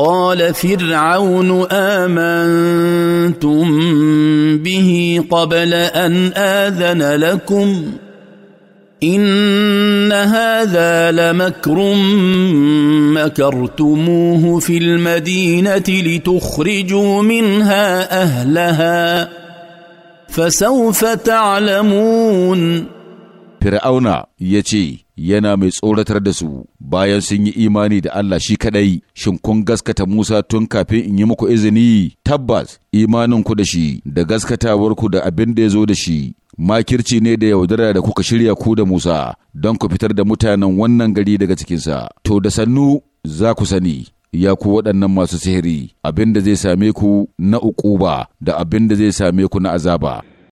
قال فرعون امنتم به قبل ان اذن لكم ان هذا لمكر مكرتموه في المدينه لتخرجوا منها اهلها فسوف تعلمون Fir'auna ya ce, Yana mai tsoratar da su bayan sun yi imani da Allah shi kaɗai, shin kun gaskata Musa tun kafin in yi muku izini, tabbas imaninku da shi da gaskatawarku da abin da ya zo da shi, makirci ne da yaudara da kuka shirya ku da Musa don ku fitar da mutanen wannan gari daga cikinsa, to da sannu za ku sani. ya ku waɗannan masu sihiri abin da zai same ku na ba da abin da zai same ku na azaba.